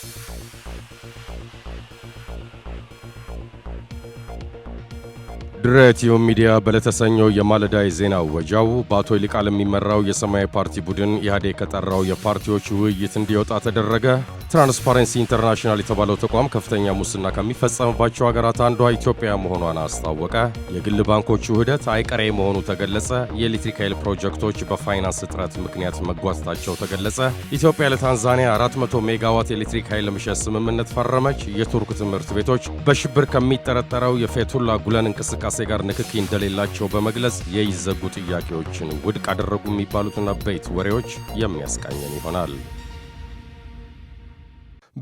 Thank you. ድሬቲዮ ሚዲያ በለተሰኘው የማለዳ የዜና ወጃው በአቶ ይልቃል የሚመራው የሰማያዊ ፓርቲ ቡድን ኢህአዴግ ከጠራው የፓርቲዎች ውይይት እንዲወጣ ተደረገ። ትራንስፓረንሲ ኢንተርናሽናል የተባለው ተቋም ከፍተኛ ሙስና ከሚፈጸምባቸው ሀገራት አንዷ ኢትዮጵያ መሆኗን አስታወቀ። የግል ባንኮቹ ውህደት አይቀሬ መሆኑ ተገለጸ። የኤሌክትሪክ ኃይል ፕሮጀክቶች በፋይናንስ እጥረት ምክንያት መጓተታቸው ተገለጸ። ኢትዮጵያ ለታንዛኒያ 400 ሜጋዋት ኤሌክትሪክ ኃይል ምሸት ስምምነት ፈረመች። የቱርክ ትምህርት ቤቶች በሽብር ከሚጠረጠረው የፌቱላ ጉለን እንቅስቃሴ እንቅስቃሴ ጋር ንክኪ እንደሌላቸው በመግለጽ የይዘጉ ጥያቄዎችን ውድቅ አደረጉ የሚባሉትን አበይት ወሬዎች የሚያስቃኘን ይሆናል።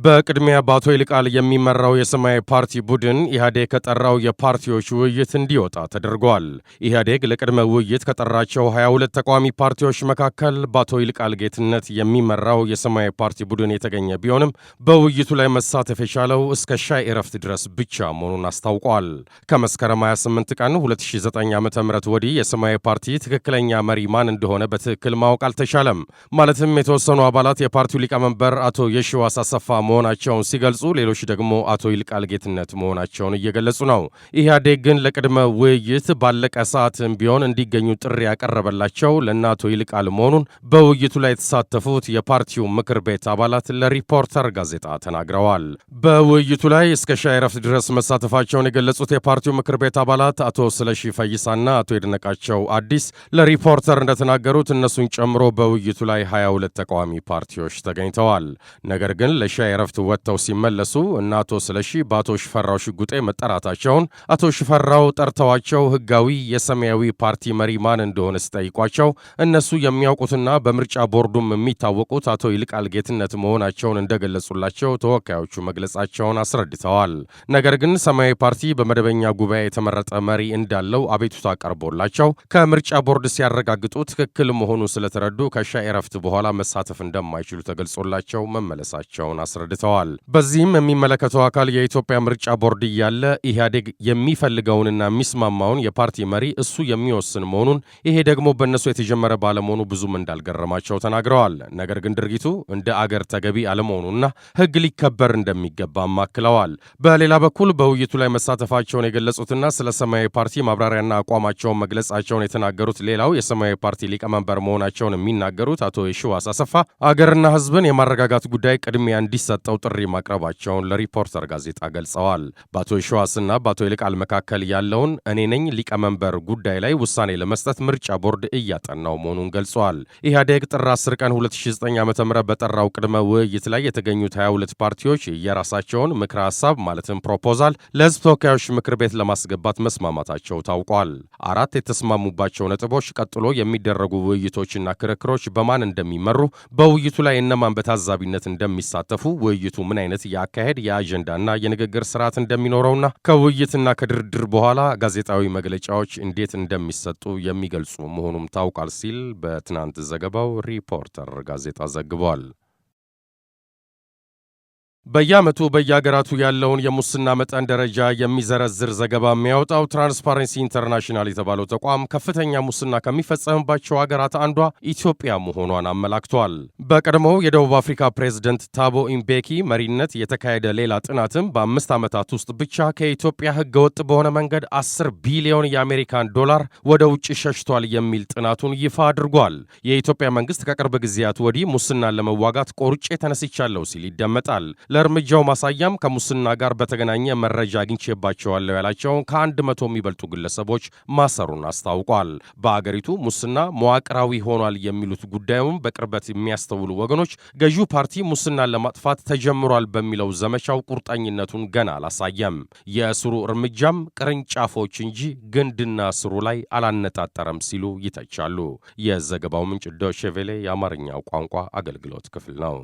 በቅድሚያ በአቶ ይልቃል የሚመራው የሰማያዊ ፓርቲ ቡድን ኢህአዴግ ከጠራው የፓርቲዎች ውይይት እንዲወጣ ተደርጓል። ኢህአዴግ ለቅድመ ውይይት ከጠራቸው 22 ተቃዋሚ ፓርቲዎች መካከል በአቶ ይልቃል ጌትነት የሚመራው የሰማያዊ ፓርቲ ቡድን የተገኘ ቢሆንም በውይይቱ ላይ መሳተፍ የቻለው እስከ ሻይ እረፍት ድረስ ብቻ መሆኑን አስታውቋል። ከመስከረም 28 ቀን 2009 ዓ ም ወዲህ የሰማያዊ ፓርቲ ትክክለኛ መሪ ማን እንደሆነ በትክክል ማወቅ አልተቻለም። ማለትም የተወሰኑ አባላት የፓርቲው ሊቀመንበር አቶ የሽዋስ አሰፋ መሆናቸውን ሲገልጹ፣ ሌሎች ደግሞ አቶ ይልቃል ጌትነት መሆናቸውን እየገለጹ ነው። ኢህአዴግ ግን ለቅድመ ውይይት ባለቀ ሰዓትም ቢሆን እንዲገኙ ጥሪ ያቀረበላቸው ለእነ አቶ ይልቃል መሆኑን በውይይቱ ላይ የተሳተፉት የፓርቲው ምክር ቤት አባላት ለሪፖርተር ጋዜጣ ተናግረዋል። በውይይቱ ላይ እስከ ሻይ ረፍት ድረስ መሳተፋቸውን የገለጹት የፓርቲው ምክር ቤት አባላት አቶ ስለሺ ፈይሳና አቶ የድነቃቸው አዲስ ለሪፖርተር እንደተናገሩት እነሱን ጨምሮ በውይይቱ ላይ 22 ተቃዋሚ ፓርቲዎች ተገኝተዋል። ነገር ግን ለሻ ረፍት ወጥተው ሲመለሱ እና አቶ ስለሺ በአቶ ሽፈራው ሽጉጤ መጠራታቸውን አቶ ሽፈራው ጠርተዋቸው ህጋዊ የሰማያዊ ፓርቲ መሪ ማን እንደሆነ ሲጠይቋቸው እነሱ የሚያውቁትና በምርጫ ቦርዱም የሚታወቁት አቶ ይልቃል ጌትነት መሆናቸውን እንደገለጹላቸው ተወካዮቹ መግለጻቸውን አስረድተዋል። ነገር ግን ሰማያዊ ፓርቲ በመደበኛ ጉባኤ የተመረጠ መሪ እንዳለው አቤቱታ ቀርቦላቸው ከምርጫ ቦርድ ሲያረጋግጡ ትክክል መሆኑ ስለተረዱ ከሻይ እረፍት በኋላ መሳተፍ እንደማይችሉ ተገልጾላቸው መመለሳቸውን አስረ አስረድተዋል። በዚህም የሚመለከተው አካል የኢትዮጵያ ምርጫ ቦርድ እያለ ኢህአዴግ የሚፈልገውንና የሚስማማውን የፓርቲ መሪ እሱ የሚወስን መሆኑን ይሄ ደግሞ በእነሱ የተጀመረ ባለመሆኑ ብዙም እንዳልገረማቸው ተናግረዋል። ነገር ግን ድርጊቱ እንደ አገር ተገቢ አለመሆኑና ህግ ሊከበር እንደሚገባም አክለዋል። በሌላ በኩል በውይይቱ ላይ መሳተፋቸውን የገለጹትና ስለ ሰማያዊ ፓርቲ ማብራሪያና አቋማቸውን መግለጻቸውን የተናገሩት ሌላው የሰማያዊ ፓርቲ ሊቀመንበር መሆናቸውን የሚናገሩት አቶ የሺዋስ አሰፋ አገርና ህዝብን የማረጋጋት ጉዳይ ቅድሚያ እንዲ እንዲሰጠው ጥሪ ማቅረባቸውን ለሪፖርተር ጋዜጣ ገልጸዋል። በአቶ የሸዋስና በአቶ ይልቃል መካከል ያለውን እኔ ነኝ ሊቀመንበር ጉዳይ ላይ ውሳኔ ለመስጠት ምርጫ ቦርድ እያጠናው መሆኑን ገልጿል። ኢህአዴግ ጥር 10 ቀን 2009 ዓ ም በጠራው ቅድመ ውይይት ላይ የተገኙት 22 ፓርቲዎች የራሳቸውን ምክረ ሀሳብ ማለትም ፕሮፖዛል ለህዝብ ተወካዮች ምክር ቤት ለማስገባት መስማማታቸው ታውቋል። አራት የተስማሙባቸው ነጥቦች ቀጥሎ የሚደረጉ ውይይቶችና ክርክሮች በማን እንደሚመሩ በውይይቱ ላይ እነማን በታዛቢነት እንደሚሳተፉ ውይይቱ ምን አይነት የአካሄድ የአጀንዳና የንግግር ስርዓት እንደሚኖረውና ከውይይትና ከድርድር በኋላ ጋዜጣዊ መግለጫዎች እንዴት እንደሚሰጡ የሚገልጹ መሆኑም ታውቋል ሲል በትናንት ዘገባው ሪፖርተር ጋዜጣ ዘግቧል። በየዓመቱ በየአገራቱ ያለውን የሙስና መጠን ደረጃ የሚዘረዝር ዘገባ የሚያወጣው ትራንስፓረንሲ ኢንተርናሽናል የተባለው ተቋም ከፍተኛ ሙስና ከሚፈጸምባቸው አገራት አንዷ ኢትዮጵያ መሆኗን አመላክቷል። በቀድሞው የደቡብ አፍሪካ ፕሬዝደንት ታቦ ኢምቤኪ መሪነት የተካሄደ ሌላ ጥናትም በአምስት ዓመታት ውስጥ ብቻ ከኢትዮጵያ ህገወጥ በሆነ መንገድ 10 ቢሊዮን የአሜሪካን ዶላር ወደ ውጭ ሸሽቷል የሚል ጥናቱን ይፋ አድርጓል። የኢትዮጵያ መንግስት ከቅርብ ጊዜያት ወዲህ ሙስናን ለመዋጋት ቆርጬ ተነስቻለሁ ሲል ይደመጣል። ለእርምጃው ማሳያም ከሙስና ጋር በተገናኘ መረጃ አግኝቼባቸዋለሁ ያላቸውን ከአንድ መቶ የሚበልጡ ግለሰቦች ማሰሩን አስታውቋል። በአገሪቱ ሙስና መዋቅራዊ ሆኗል የሚሉት ጉዳዩም በቅርበት የሚያስተውሉ ወገኖች ገዢው ፓርቲ ሙስናን ለማጥፋት ተጀምሯል በሚለው ዘመቻው ቁርጠኝነቱን ገና አላሳየም። የእስሩ እርምጃም ቅርንጫፎች እንጂ ግንድና ስሩ ላይ አላነጣጠረም ሲሉ ይተቻሉ። የዘገባው ምንጭ ዶቼ ቬለ የአማርኛው ቋንቋ አገልግሎት ክፍል ነው።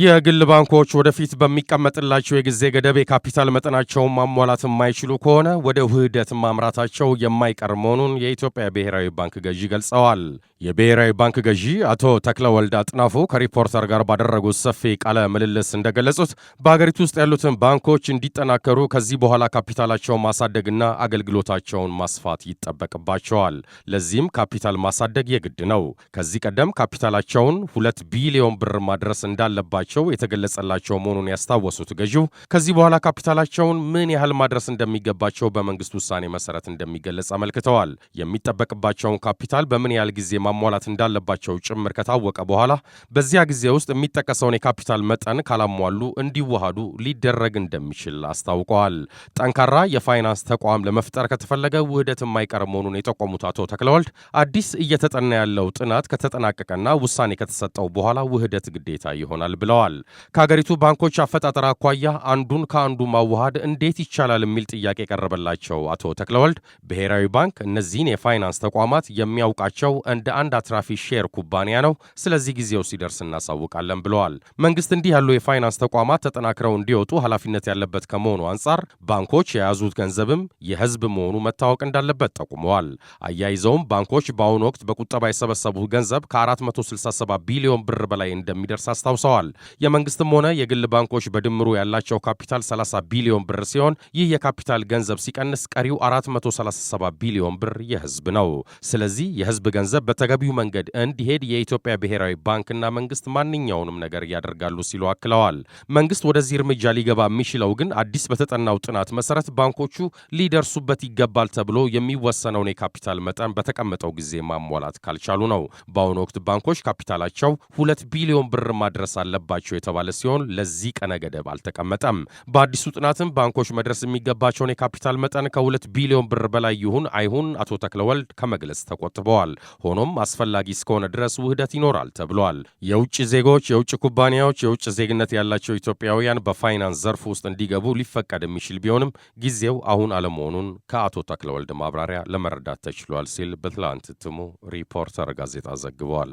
የግል ባንኮች ወደፊት በሚቀመጥላቸው የጊዜ ገደብ የካፒታል መጠናቸውን ማሟላት የማይችሉ ከሆነ ወደ ውህደት ማምራታቸው የማይቀር መሆኑን የኢትዮጵያ ብሔራዊ ባንክ ገዢ ገልጸዋል። የብሔራዊ ባንክ ገዢ አቶ ተክለወልድ አጥናፉ ከሪፖርተር ጋር ባደረጉት ሰፊ ቃለ ምልልስ እንደገለጹት በሀገሪቱ ውስጥ ያሉትን ባንኮች እንዲጠናከሩ ከዚህ በኋላ ካፒታላቸውን ማሳደግና አገልግሎታቸውን ማስፋት ይጠበቅባቸዋል። ለዚህም ካፒታል ማሳደግ የግድ ነው። ከዚህ ቀደም ካፒታላቸውን ሁለት ቢሊዮን ብር ማድረስ እንዳለባ እንዳለባቸው የተገለጸላቸው መሆኑን ያስታወሱት ገዢው ከዚህ በኋላ ካፒታላቸውን ምን ያህል ማድረስ እንደሚገባቸው በመንግስት ውሳኔ መሰረት እንደሚገለጽ አመልክተዋል። የሚጠበቅባቸውን ካፒታል በምን ያህል ጊዜ ማሟላት እንዳለባቸው ጭምር ከታወቀ በኋላ በዚያ ጊዜ ውስጥ የሚጠቀሰውን የካፒታል መጠን ካላሟሉ እንዲዋሃዱ ሊደረግ እንደሚችል አስታውቀዋል። ጠንካራ የፋይናንስ ተቋም ለመፍጠር ከተፈለገ ውህደት የማይቀር መሆኑን የጠቆሙት አቶ ተክለወልድ አዲስ እየተጠና ያለው ጥናት ከተጠናቀቀና ውሳኔ ከተሰጠው በኋላ ውህደት ግዴታ ይሆናል ብለዋል። ብለዋል። ከሀገሪቱ ባንኮች አፈጣጠር አኳያ አንዱን ከአንዱ ማዋሃድ እንዴት ይቻላል የሚል ጥያቄ የቀረበላቸው አቶ ተክለወልድ ብሔራዊ ባንክ እነዚህን የፋይናንስ ተቋማት የሚያውቃቸው እንደ አንድ አትራፊ ሼር ኩባንያ ነው። ስለዚህ ጊዜው ሲደርስ እናሳውቃለን ብለዋል። መንግስት እንዲህ ያሉ የፋይናንስ ተቋማት ተጠናክረው እንዲወጡ ኃላፊነት ያለበት ከመሆኑ አንጻር ባንኮች የያዙት ገንዘብም የህዝብ መሆኑ መታወቅ እንዳለበት ጠቁመዋል። አያይዘውም ባንኮች በአሁኑ ወቅት በቁጠባ የሰበሰቡት ገንዘብ ከ467 ቢሊዮን ብር በላይ እንደሚደርስ አስታውሰዋል። የመንግስትም ሆነ የግል ባንኮች በድምሩ ያላቸው ካፒታል 30 ቢሊዮን ብር ሲሆን ይህ የካፒታል ገንዘብ ሲቀንስ ቀሪው 437 ቢሊዮን ብር የህዝብ ነው። ስለዚህ የህዝብ ገንዘብ በተገቢው መንገድ እንዲሄድ የኢትዮጵያ ብሔራዊ ባንክና መንግስት ማንኛውንም ነገር ያደርጋሉ ሲሉ አክለዋል። መንግስት ወደዚህ እርምጃ ሊገባ የሚችለው ግን አዲስ በተጠናው ጥናት መሰረት ባንኮቹ ሊደርሱበት ይገባል ተብሎ የሚወሰነውን የካፒታል መጠን በተቀመጠው ጊዜ ማሟላት ካልቻሉ ነው። በአሁኑ ወቅት ባንኮች ካፒታላቸው ሁለት ቢሊዮን ብር ማድረስ አለባቸው አለባቸው የተባለ ሲሆን ለዚህ ቀነ ገደብ አልተቀመጠም። በአዲሱ ጥናትም ባንኮች መድረስ የሚገባቸውን የካፒታል መጠን ከሁለት ቢሊዮን ብር በላይ ይሁን አይሁን አቶ ተክለወልድ ከመግለጽ ተቆጥበዋል። ሆኖም አስፈላጊ እስከሆነ ድረስ ውህደት ይኖራል ተብሏል። የውጭ ዜጎች፣ የውጭ ኩባንያዎች፣ የውጭ ዜግነት ያላቸው ኢትዮጵያውያን በፋይናንስ ዘርፍ ውስጥ እንዲገቡ ሊፈቀድ የሚችል ቢሆንም ጊዜው አሁን አለመሆኑን ከአቶ ተክለወልድ ማብራሪያ ለመረዳት ተችሏል ሲል በትላንት እትሙ ሪፖርተር ጋዜጣ ዘግቧል።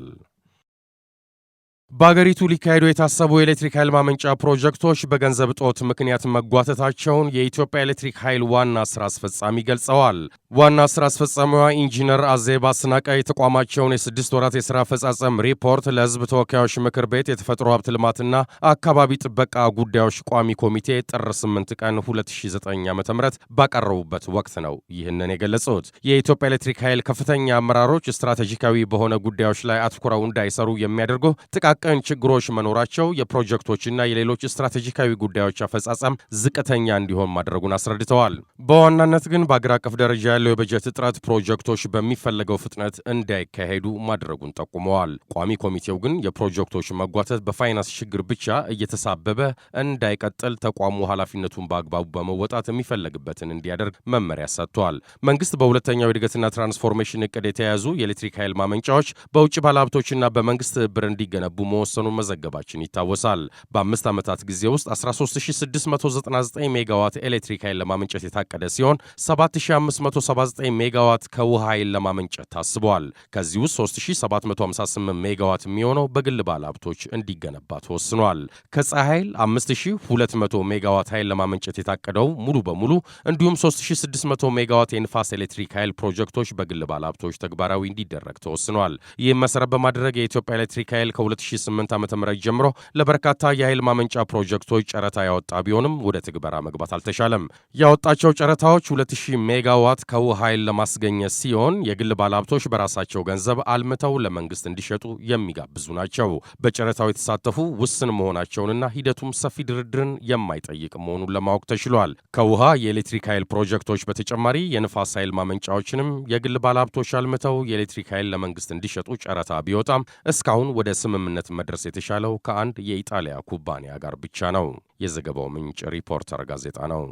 በአገሪቱ ሊካሄዱ የታሰቡ የኤሌክትሪክ ኃይል ማመንጫ ፕሮጀክቶች በገንዘብ እጦት ምክንያት መጓተታቸውን የኢትዮጵያ ኤሌክትሪክ ኃይል ዋና ስራ አስፈጻሚ ገልጸዋል። ዋና ስራ አስፈጻሚዋ ኢንጂነር አዜብ አስናቀ የተቋማቸውን የስድስት ወራት የሥራ አፈጻጸም ሪፖርት ለህዝብ ተወካዮች ምክር ቤት የተፈጥሮ ሀብት ልማትና አካባቢ ጥበቃ ጉዳዮች ቋሚ ኮሚቴ ጥር 8 ቀን 2009 ዓ ም ባቀረቡበት ወቅት ነው ይህንን የገለጹት። የኢትዮጵያ ኤሌክትሪክ ኃይል ከፍተኛ አመራሮች ስትራቴጂካዊ በሆነ ጉዳዮች ላይ አትኩረው እንዳይሰሩ የሚያደርጉ ጥቃ ጥቃቅን ችግሮች መኖራቸው የፕሮጀክቶችና የሌሎች ስትራቴጂካዊ ጉዳዮች አፈጻጸም ዝቅተኛ እንዲሆን ማድረጉን አስረድተዋል። በዋናነት ግን በአገር አቀፍ ደረጃ ያለው የበጀት እጥረት ፕሮጀክቶች በሚፈለገው ፍጥነት እንዳይካሄዱ ማድረጉን ጠቁመዋል። ቋሚ ኮሚቴው ግን የፕሮጀክቶች መጓተት በፋይናንስ ችግር ብቻ እየተሳበበ እንዳይቀጥል ተቋሙ ኃላፊነቱን በአግባቡ በመወጣት የሚፈለግበትን እንዲያደርግ መመሪያ ሰጥቷል። መንግስት በሁለተኛው የእድገትና ትራንስፎርሜሽን እቅድ የተያያዙ የኤሌክትሪክ ኃይል ማመንጫዎች በውጭ ባለሀብቶችና በመንግስት ትብብር እንዲገነቡ መወሰኑን መዘገባችን ይታወሳል። በአምስት ዓመታት ጊዜ ውስጥ 13699 ሜጋዋት ኤሌክትሪክ ኃይል ለማመንጨት የታቀደ ሲሆን 7579 ሜጋዋት ከውሃ ኃይል ለማመንጨት ታስበዋል። ከዚህ ውስጥ 3758 ሜጋዋት የሚሆነው በግል ባለሀብቶች እንዲገነባ ተወስኗል። ከፀሐይ ኃይል 5200 ሜጋዋት ኃይል ለማመንጨት የታቀደው ሙሉ በሙሉ እንዲሁም 3600 ሜጋዋት የንፋስ ኤሌክትሪክ ኃይል ፕሮጀክቶች በግል ባለሀብቶች ተግባራዊ እንዲደረግ ተወስኗል። ይህም መሰረት በማድረግ የኢትዮጵያ ኤሌክትሪክ ኃይል ከ20 2008 ዓ ም ጀምሮ ለበርካታ የኃይል ማመንጫ ፕሮጀክቶች ጨረታ ያወጣ ቢሆንም ወደ ትግበራ መግባት አልተቻለም። ያወጣቸው ጨረታዎች 200 ሜጋዋት ከውሃ ኃይል ለማስገኘት ሲሆን የግል ባለሀብቶች በራሳቸው ገንዘብ አልምተው ለመንግስት እንዲሸጡ የሚጋብዙ ናቸው። በጨረታው የተሳተፉ ውስን መሆናቸውንና ሂደቱም ሰፊ ድርድርን የማይጠይቅ መሆኑን ለማወቅ ተችሏል። ከውሃ የኤሌክትሪክ ኃይል ፕሮጀክቶች በተጨማሪ የንፋስ ኃይል ማመንጫዎችንም የግል ባለሀብቶች አልምተው የኤሌክትሪክ ኃይል ለመንግስት እንዲሸጡ ጨረታ ቢወጣም እስካሁን ወደ ስምምነት ስምምነት መድረስ የተቻለው ከአንድ የኢጣሊያ ኩባንያ ጋር ብቻ ነው። የዘገባው ምንጭ ሪፖርተር ጋዜጣ ነው።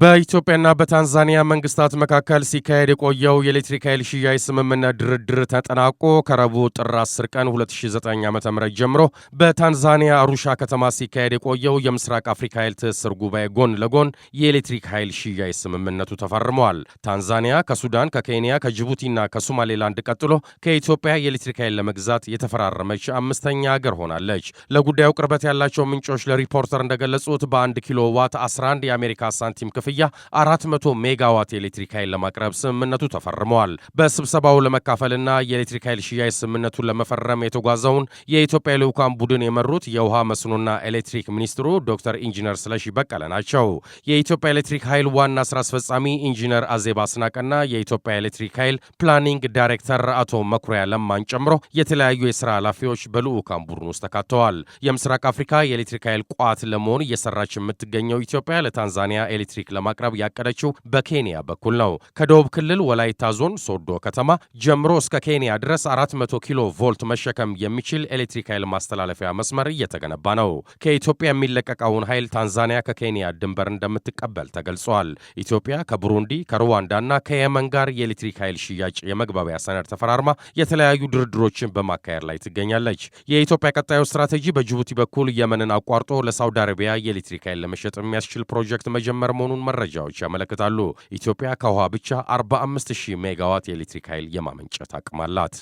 በኢትዮጵያና በታንዛኒያ መንግስታት መካከል ሲካሄድ የቆየው የኤሌክትሪክ ኃይል ሽያጭ ስምምነት ድርድር ተጠናቆ ከረቡ ጥር 10 ቀን 2009 ዓ ም ጀምሮ በታንዛኒያ አሩሻ ከተማ ሲካሄድ የቆየው የምስራቅ አፍሪካ ኃይል ትስስር ጉባኤ ጎን ለጎን የኤሌክትሪክ ኃይል ሽያጭ ስምምነቱ ተፈርመዋል። ታንዛኒያ ከሱዳን፣ ከኬንያ፣ ከጅቡቲና ከሶማሌላንድ ቀጥሎ ከኢትዮጵያ የኤሌክትሪክ ኃይል ለመግዛት የተፈራረመች አምስተኛ ሀገር ሆናለች። ለጉዳዩ ቅርበት ያላቸው ምንጮች ለሪፖርተር እንደገለጹት በአንድ ኪሎ ዋት 11 የአሜሪካ ሳንቲም ክፍያ 400 ሜጋዋት የኤሌክትሪክ ኃይል ለማቅረብ ስምምነቱ ተፈርመዋል። በስብሰባው ለመካፈልና የኤሌክትሪክ ኃይል ሽያጭ ስምምነቱን ለመፈረም የተጓዘውን የኢትዮጵያ ልዑካን ቡድን የመሩት የውሃ መስኖና ኤሌክትሪክ ሚኒስትሩ ዶክተር ኢንጂነር ስለሺ በቀለ ናቸው። የኢትዮጵያ ኤሌክትሪክ ኃይል ዋና ስራ አስፈጻሚ ኢንጂነር አዜብ አስናቀና የኢትዮጵያ ኤሌክትሪክ ኃይል ፕላኒንግ ዳይሬክተር አቶ መኩሪያ ለማን ጨምሮ የተለያዩ የስራ ኃላፊዎች በልዑካን ቡድን ውስጥ ተካተዋል። የምስራቅ አፍሪካ የኤሌክትሪክ ኃይል ቋት ለመሆን እየሰራች የምትገኘው ኢትዮጵያ ለታንዛኒያ ኤሌክትሪክ ለማቅረብ ያቀደችው በኬንያ በኩል ነው። ከደቡብ ክልል ወላይታ ዞን ሶዶ ከተማ ጀምሮ እስከ ኬንያ ድረስ 400 ኪሎ ቮልት መሸከም የሚችል ኤሌክትሪክ ኃይል ማስተላለፊያ መስመር እየተገነባ ነው። ከኢትዮጵያ የሚለቀቀውን ኃይል ታንዛኒያ ከኬንያ ድንበር እንደምትቀበል ተገልጿል። ኢትዮጵያ ከቡሩንዲ ከሩዋንዳና ከየመን ጋር የኤሌክትሪክ ኃይል ሽያጭ የመግባቢያ ሰነድ ተፈራርማ የተለያዩ ድርድሮችን በማካሄድ ላይ ትገኛለች። የኢትዮጵያ ቀጣዩ ስትራቴጂ በጅቡቲ በኩል የመንን አቋርጦ ለሳውዲ አረቢያ የኤሌክትሪክ ኃይል ለመሸጥ የሚያስችል ፕሮጀክት መጀመር መሆኑን ያሉን መረጃዎች ያመለክታሉ። ኢትዮጵያ ከውሃ ብቻ 45000 ሜጋዋት የኤሌክትሪክ ኃይል የማመንጨት አቅም አላት።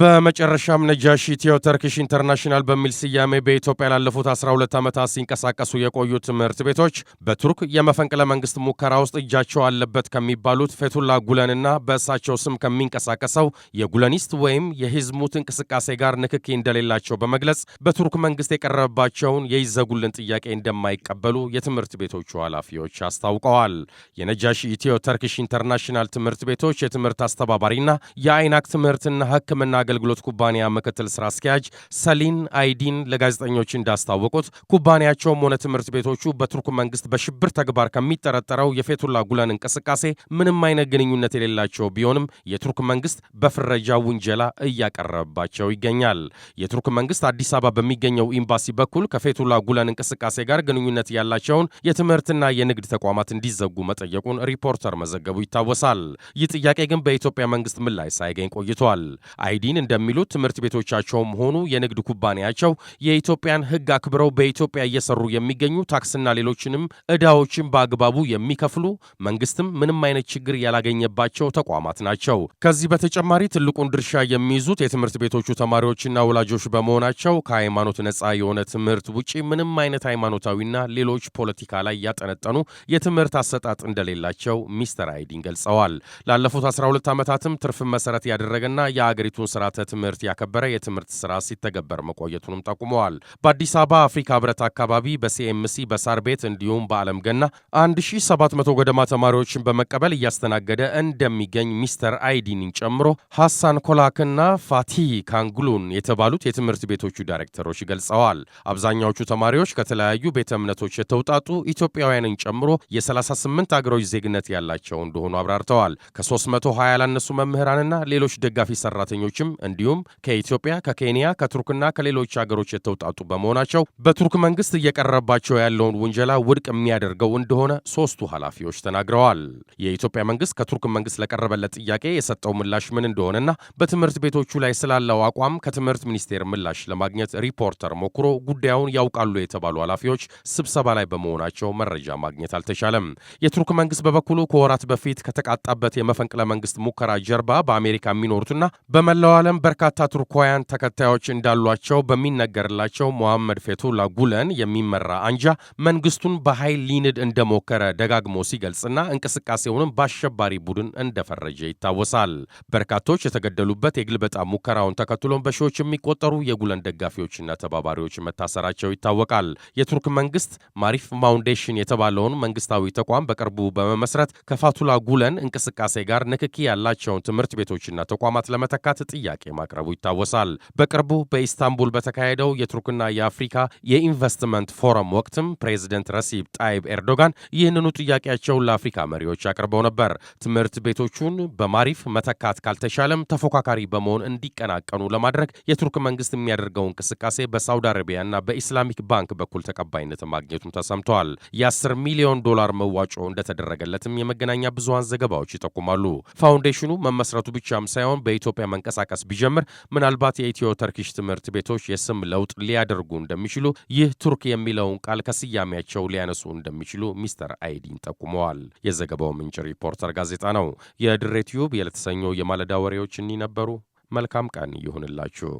በመጨረሻም ነጃሺ ኢትዮ ተርኪሽ ኢንተርናሽናል በሚል ስያሜ በኢትዮጵያ ላለፉት 12 ዓመታት ሲንቀሳቀሱ የቆዩ ትምህርት ቤቶች በቱርክ የመፈንቅለ መንግስት ሙከራ ውስጥ እጃቸው አለበት ከሚባሉት ፌቱላ ጉለንና በእሳቸው ስም ከሚንቀሳቀሰው የጉለኒስት ወይም የሂዝሙት እንቅስቃሴ ጋር ንክኪ እንደሌላቸው በመግለጽ በቱርክ መንግስት የቀረበባቸውን የይዘጉልን ጥያቄ እንደማይቀበሉ የትምህርት ቤቶቹ ኃላፊዎች አስታውቀዋል። የነጃሺ ኢትዮ ተርኪሽ ኢንተርናሽናል ትምህርት ቤቶች የትምህርት አስተባባሪና የአይናክ ትምህርትና ሕክምና የሕክምና አገልግሎት ኩባንያ ምክትል ስራ አስኪያጅ ሰሊን አይዲን ለጋዜጠኞች እንዳስታወቁት ኩባንያቸውም ሆነ ትምህርት ቤቶቹ በቱርክ መንግስት በሽብር ተግባር ከሚጠረጠረው የፌቱላ ጉለን እንቅስቃሴ ምንም አይነት ግንኙነት የሌላቸው ቢሆንም የቱርክ መንግስት በፍረጃ ውንጀላ እያቀረበባቸው ይገኛል። የቱርክ መንግስት አዲስ አበባ በሚገኘው ኤምባሲ በኩል ከፌቱላ ጉለን እንቅስቃሴ ጋር ግንኙነት ያላቸውን የትምህርትና የንግድ ተቋማት እንዲዘጉ መጠየቁን ሪፖርተር መዘገቡ ይታወሳል። ይህ ጥያቄ ግን በኢትዮጵያ መንግስት ምላሽ ሳይገኝ ቆይቷል። አይዲ ሙጃሂዲን እንደሚሉት ትምህርት ቤቶቻቸውም ሆኑ የንግድ ኩባንያቸው የኢትዮጵያን ሕግ አክብረው በኢትዮጵያ እየሰሩ የሚገኙ ታክስና ሌሎችንም እዳዎችን በአግባቡ የሚከፍሉ መንግስትም ምንም አይነት ችግር ያላገኘባቸው ተቋማት ናቸው። ከዚህ በተጨማሪ ትልቁን ድርሻ የሚይዙት የትምህርት ቤቶቹ ተማሪዎችና ወላጆች በመሆናቸው ከሃይማኖት ነጻ የሆነ ትምህርት ውጪ ምንም አይነት ሃይማኖታዊና ሌሎች ፖለቲካ ላይ ያጠነጠኑ የትምህርት አሰጣጥ እንደሌላቸው ሚስተር አይዲን ገልጸዋል። ላለፉት 12 ዓመታትም ትርፍን መሰረት ያደረገና የአገሪቱን ስርዓተ ትምህርት ያከበረ የትምህርት ስራ ሲተገበር መቆየቱንም ጠቁመዋል። በአዲስ አበባ አፍሪካ ህብረት አካባቢ በሲኤምሲ በሳር ቤት እንዲሁም በዓለም ገና 1700 ገደማ ተማሪዎችን በመቀበል እያስተናገደ እንደሚገኝ ሚስተር አይዲንን ጨምሮ ሐሳን ኮላክና ፋቲ ካንግሉን የተባሉት የትምህርት ቤቶቹ ዳይሬክተሮች ገልጸዋል። አብዛኛዎቹ ተማሪዎች ከተለያዩ ቤተ እምነቶች የተውጣጡ ኢትዮጵያውያንን ጨምሮ የ38 አገሮች ዜግነት ያላቸው እንደሆኑ አብራርተዋል። ከ320 ያላነሱ መምህራንና ሌሎች ደጋፊ ሰራተኞች ዜጎችም እንዲሁም ከኢትዮጵያ፣ ከኬንያ፣ ከቱርክና ከሌሎች ሀገሮች የተውጣጡ በመሆናቸው በቱርክ መንግስት እየቀረባቸው ያለውን ውንጀላ ውድቅ የሚያደርገው እንደሆነ ሶስቱ ኃላፊዎች ተናግረዋል። የኢትዮጵያ መንግስት ከቱርክ መንግስት ለቀረበለት ጥያቄ የሰጠው ምላሽ ምን እንደሆነና በትምህርት ቤቶቹ ላይ ስላለው አቋም ከትምህርት ሚኒስቴር ምላሽ ለማግኘት ሪፖርተር ሞክሮ ጉዳዩን ያውቃሉ የተባሉ ኃላፊዎች ስብሰባ ላይ በመሆናቸው መረጃ ማግኘት አልተቻለም። የቱርክ መንግስት በበኩሉ ከወራት በፊት ከተቃጣበት የመፈንቅለ መንግስት ሙከራ ጀርባ በአሜሪካ የሚኖሩትና በመላው በመላው ዓለም በርካታ ቱርካውያን ተከታዮች እንዳሏቸው በሚነገርላቸው ሞሐመድ ፌቱላ ጉለን የሚመራ አንጃ መንግስቱን በኃይል ሊንድ እንደሞከረ ደጋግሞ ሲገልጽና እንቅስቃሴውንም በአሸባሪ ቡድን እንደፈረጀ ይታወሳል። በርካቶች የተገደሉበት የግልበጣ ሙከራውን ተከትሎም በሺዎች የሚቆጠሩ የጉለን ደጋፊዎችና ተባባሪዎች መታሰራቸው ይታወቃል። የቱርክ መንግስት ማሪፍ ፋውንዴሽን የተባለውን መንግስታዊ ተቋም በቅርቡ በመመስረት ከፋቱላ ጉለን እንቅስቃሴ ጋር ንክኪ ያላቸውን ትምህርት ቤቶችና ተቋማት ለመተካት ጥያቄ ማቅረቡ ይታወሳል። በቅርቡ በኢስታንቡል በተካሄደው የቱርክና የአፍሪካ የኢንቨስትመንት ፎረም ወቅትም ፕሬዚደንት ረሲብ ጣይብ ኤርዶጋን ይህንኑ ጥያቄያቸውን ለአፍሪካ መሪዎች አቅርበው ነበር። ትምህርት ቤቶቹን በማሪፍ መተካት ካልተቻለም ተፎካካሪ በመሆን እንዲቀናቀኑ ለማድረግ የቱርክ መንግስት የሚያደርገው እንቅስቃሴ በሳውዲ አረቢያና በኢስላሚክ ባንክ በኩል ተቀባይነት ማግኘቱም ተሰምተዋል። የ10 ሚሊዮን ዶላር መዋጮ እንደተደረገለትም የመገናኛ ብዙሃን ዘገባዎች ይጠቁማሉ። ፋውንዴሽኑ መመስረቱ ብቻም ሳይሆን በኢትዮጵያ መንቀሳቀስ መንቀሳቀስ ቢጀምር ምናልባት የኢትዮ ተርኪሽ ትምህርት ቤቶች የስም ለውጥ ሊያደርጉ እንደሚችሉ ይህ ቱርክ የሚለውን ቃል ከስያሜያቸው ሊያነሱ እንደሚችሉ ሚስተር አይዲን ጠቁመዋል። የዘገባው ምንጭ ሪፖርተር ጋዜጣ ነው። የድሬ ቲዩብ የለተሰኘው የማለዳ ወሬዎች እኒ ነበሩ። መልካም ቀን ይሁንላችሁ።